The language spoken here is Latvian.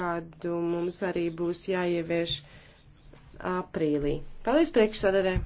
kādu uh, mums arī būs jāievieš aprīlī. Paldies priekšsadarē!